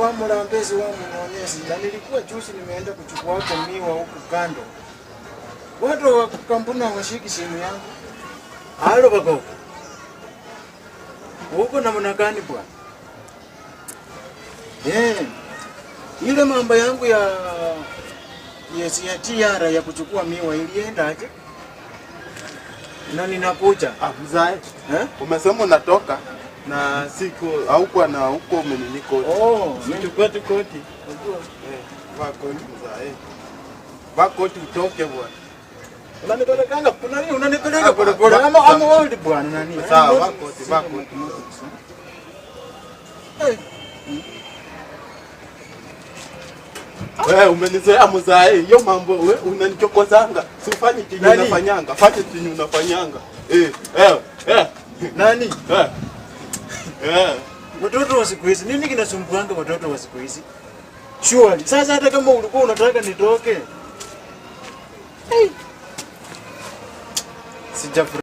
Wa Mulambezi wa Munyonyezi, na nilikuwa juzi nimeenda kuchukua wako miwa huku kando. Watu wa kampuni hawashiki simu yangu. Halo bako. Huko namna gani bwana? Eh. Ile mambo yangu ya yes, ya TR ya kuchukua miwa iliendaje? Na ninakuja. Ah, Eh? Umesema unatoka? na siku hauko na huko umenini koti. Oh, nilikuwa tu koti. Eh, va koti mzae. Eh. Va koti utoke bwana. Unanipelekanga kuna nini? Unanipeleka ah, pole pole. Ama ama wewe bwana nani? Sawa, va koti, va koti. Wewe eh. hmm. eh, umenizoea mzae. Hiyo mambo wewe unanichokozanga. Sifanye kinyo unafanyanga. Fanye kinyo unafanyanga. Eh, eh, eh. Nani? Eh. Watoto wa siku hizi, nini kinasumbuanga watoto wa siku hizi? Surely. Sasa hata kama ulikuwa unataka nitoke. Hey. Sijafurahi.